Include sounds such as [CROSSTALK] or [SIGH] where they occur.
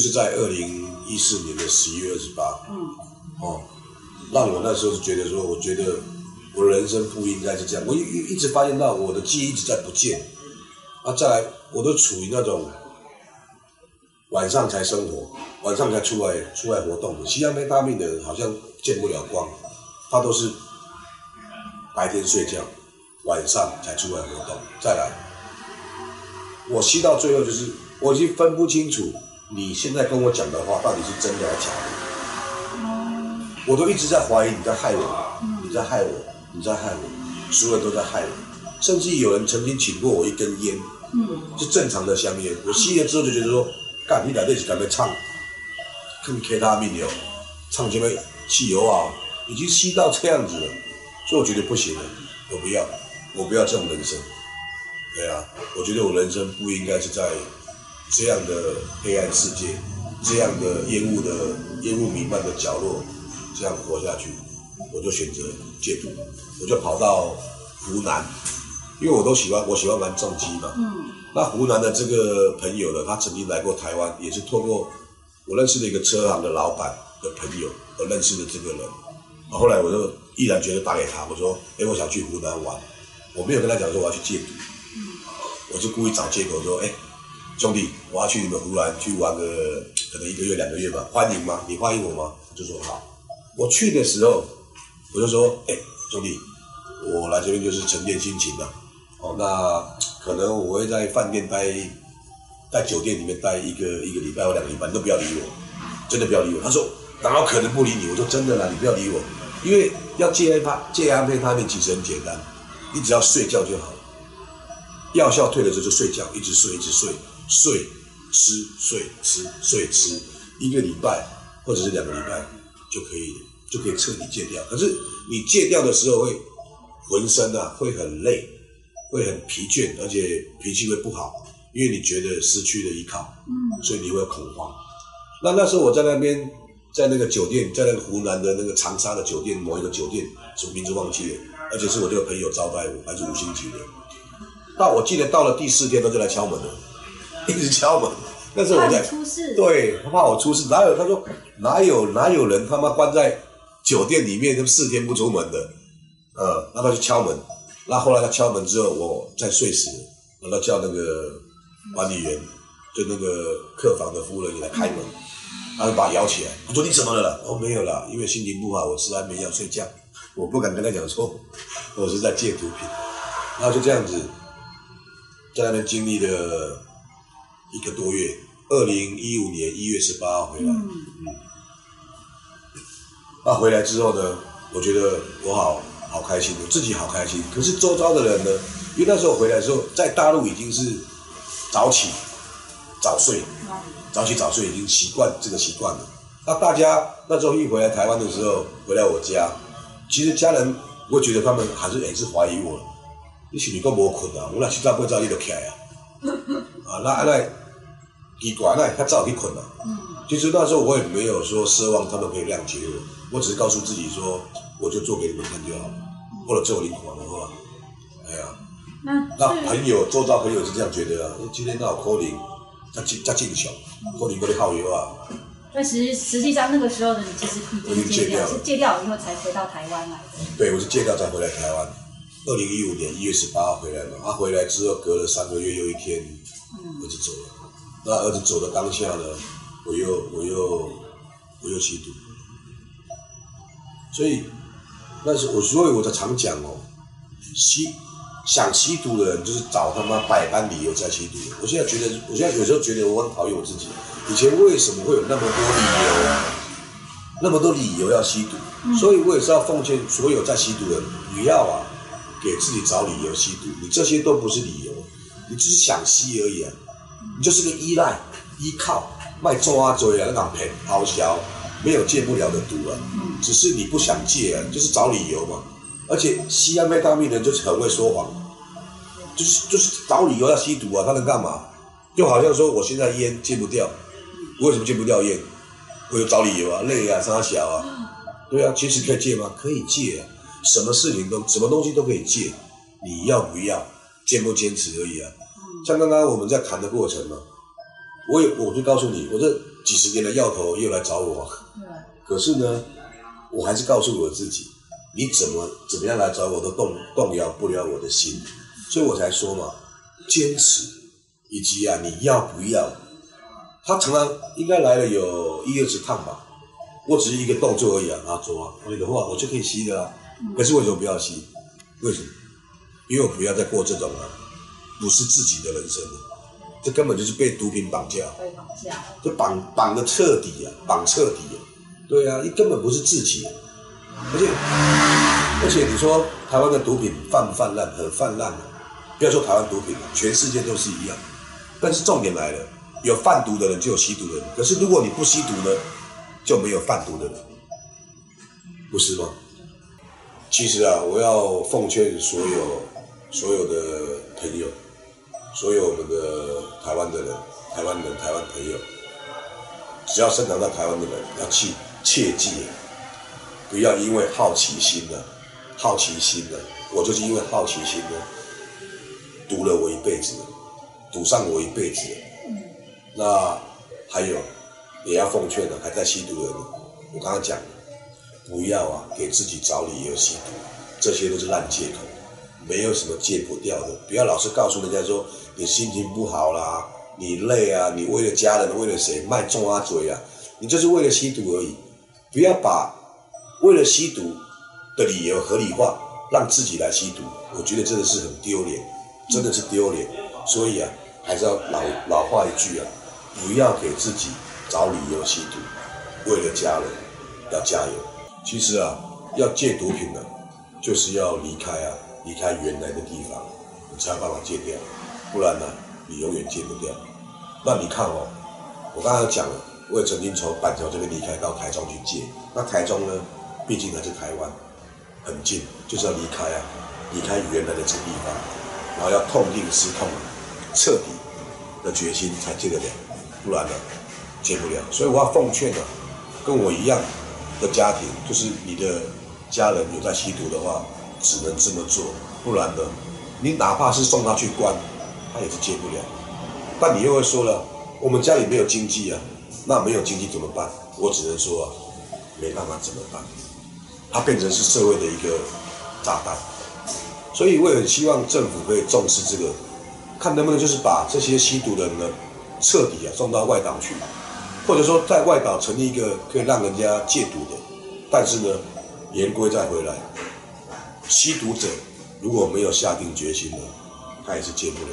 就是在二零一四年的十一月二十八號，嗯，哦，讓我那時候是覺得說，我覺得我的人生不應該是這樣。我一一直發現到我的記憶一直在不見，啊，再來，我都處於那種晚上才生活，晚上才出來出來活動的。吸安非他命的人好像見不了光，他都是白天睡覺，晚上才出來活動。再來，我吸到最後就是，我已經分不清楚。你現在跟我講的話，到底是真的還是假的？我都一直在懷疑你在害我，你在害我，你在害我，你在害我，所有人都在害我。甚至有人曾經請過我一根煙，是、嗯、正常的香煙。我吸了之後就覺得說，幹、嗯，你來這準備唱，更 K 他命的唱什麼汽油啊，已經吸到這樣子了，所以我覺得不行了，我不要，我不要這種人生。對啊，我覺得我人生不應該是在。這樣的黑暗世界，這樣的煙霧的煙霧彌漫的角落，這樣活下去，我就選擇戒毒。我就跑到湖南，因為我都喜歡我喜歡玩重機嘛。嗯、那湖南的這個朋友呢？他曾經來過台灣，也是透過我認識的一個車行的老闆的朋友而認識的這個人。後來我就毅然決然打給他，我說：“哎，我想去湖南玩。”我沒有跟他講說我要去戒毒，嗯、我就故意找借口說：“哎。”兄弟，我要去你們湖南去玩個可能一個月兩個月吧，歡迎嗎？你歡迎我嗎？我就說好。我去的時候，我就說，哎、欸，兄弟，我來這邊就是沉澱心情的。哦，那可能我會在飯店待，在酒店裡面待一個一個禮拜或兩個禮拜，你都不要理我，真的不要理我。他說，哪有可能不理你？我說真的啦，你不要理我，因為要戒安，戒安非他命，其實很簡單，你只要睡覺就好了。藥效退了之後就睡覺，一直睡，一直睡，睡吃睡吃睡吃，一個禮拜或者是兩個禮拜就可以就可以徹底戒掉。可是你戒掉的時候會渾身啊會很累，會很疲倦，而且脾氣會不好，因為你覺得失去了依靠，嗯，所以你會恐慌。那那時候我在那邊，在那個酒店，在那個湖南的那個長沙的酒店，某一個酒店，什麼名字忘記了，而且是我這個朋友招待我，還是五星級的。那我記得到了第四天，他就來敲門了，一直敲門。但是我在，出事，對，他怕我出事，哪有他說哪有哪有人他媽關在酒店裡面都四天不出門的，呃、嗯，那他就敲門。那後，後來他敲門之後，我在睡時，他叫那個管理員跟、嗯、那個客房的服務人員來開門，嗯、他就把他搖起來，我說你怎麼了？我、哦、沒有了，因為心情不好，我吃安眠藥睡覺，我不敢跟他講說，我是在戒毒品，然後就這樣子。在那邊經歷了一個多月，二零一五年一月十八號回來。嗯，那回來之後呢，我覺得我好好開心，我自己好開心。可是周遭的人呢，因為那時候回來的時候，在大陸已經是早起、早睡、早起早睡，已經習慣這個習慣了。那大家那時候一回來台灣的時候，回來我家，其實家人，我覺得他們還是也、欸、是懷疑我。你是面個無困啊，我倆七早八早你就起了啊，那那、 [LAUGHS] 啊、奇怪呢，他早就困了。嗯、其實那時候我也沒有說奢望他們可以諒解我，我只是告訴自己說，我就做給你們看就好了，或者、嗯、做零款的話，嗯、哎呀，那那朋友，是周遭朋友是這樣覺得啊。今天那柯林，他進他進小，柯林那裡耗油啊。但實實際上那個時候的你其實已經戒掉了，戒掉以後才回到台灣來的、嗯。對，我是戒掉才回來台灣。二零一五年一月十八號回來嘛，他、啊、回來之後隔了三個月又一天，兒子走了。嗯、那兒子走的當下呢，我又我又我又吸毒了。所以，那是我所以我在常講哦、喔，吸想吸毒的人就是找他媽百般理由在吸毒。我現在覺得我現在有時候覺得我很討厭我自己，以前為什麼會有那麼多理由，嗯、那麼多理由要吸毒？所以我也是要奉勸所有在吸毒的人，不要啊。給自己找理由吸毒，你這些都不是理由，你只是想吸而已啊！你就是個依賴、依靠、賣臭阿嘴啊，那敢賠拋銷，沒有戒不了的毒啊！嗯、只是你不想戒啊，就是找理由嘛。而且吸菸賣大菸的人就是很會說謊，就是就是找理由要吸毒啊！他能幹嘛？就好像說我現在菸戒不掉，我為什麼戒不掉菸？我有找理由啊，累啊，三小啊，嗯、對啊，其實可以戒嗎？可以戒、啊。什麼事情都什麼東西都可以戒，你要不要、堅不堅持而已啊。像剛剛我們在談的過程嘛，我也，我就告訴你，我這幾十年的藥頭又來找我，可是呢，我還是告訴我自己，你怎麼怎麼樣來找我都動動搖不了我的心，所以我才說嘛，堅持以及啊你要不要？他常常應該來了有一二十趟吧，我只是一個動作而已啊，阿走啊，你、啊、的話我就可以吸的啦。可是為什麼不要吸？為什麼？因為我不要再過這種、啊、不是自己的人生了、啊，這根本就是被毒品綁架，被綁架，啊、就綁綁的徹底啊，綁徹底啊！對啊，你根本不是自己、啊，而且而且你說台灣的毒品泛不泛濫？很泛濫啊，不要說台灣毒品了，全世界都是一樣。但是重點來了，有販毒的人就有吸毒的人，可是如果你不吸毒呢，就沒有販毒的人，不是嗎？其實啊，我要奉勸所有所有的朋友，所有我們的台灣的人，台灣人、台灣朋友，只要生長在台灣的人，要去切、切記，不要因為好奇心了，好奇心了，我就是因為好奇心呢，毒了我一輩子了，賭上我一輩子了。那還有，也要奉勸呢，還在吸毒的人，我剛剛講。不要啊，給自己找理由吸毒，這些都是爛借口，沒有什麼戒不掉的。不要老是告訴人家說你心情不好啦，你累啊，你為了家人為了誰賣重啊嘴啊，你就是為了吸毒而已。不要把為了吸毒的理由合理化，讓自己來吸毒，我覺得真的是很丟臉，真的是丟臉。所以啊，還是要老老話一句啊，不要給自己找理由吸毒，為了家人，要加油。其實啊，要戒毒品呢、啊，就是要離開啊，離開原來的地方，你才有辦法戒掉。不然呢、啊，你永遠戒不掉。那你看哦，我剛才講了，我也曾經從板橋這邊離開到台中去戒。那台中呢，畢竟還是台灣很近，就是要離開啊，離開原來的這個地方，然後要痛定思痛，徹底的決心才戒得了，不然呢，戒不了。所以我要奉勸啊，跟我一樣。的家庭就是你的家人有在吸毒的話，只能這麼做，不然呢，你哪怕是送他去關，他也是戒不了。但你又會說了，我們家裡沒有經濟啊，那沒有經濟怎麼辦？我只能說啊，沒辦法怎麼辦，他變成是社會的一個炸彈。所以我也很希望政府可以重視這個，看能不能就是把這些吸毒的人呢，徹底啊，送到外島去。或者說，在外島成立一個可以讓人家戒毒的，但是呢，言歸再回來，吸毒者如果沒有下定決心呢，他也是戒不了。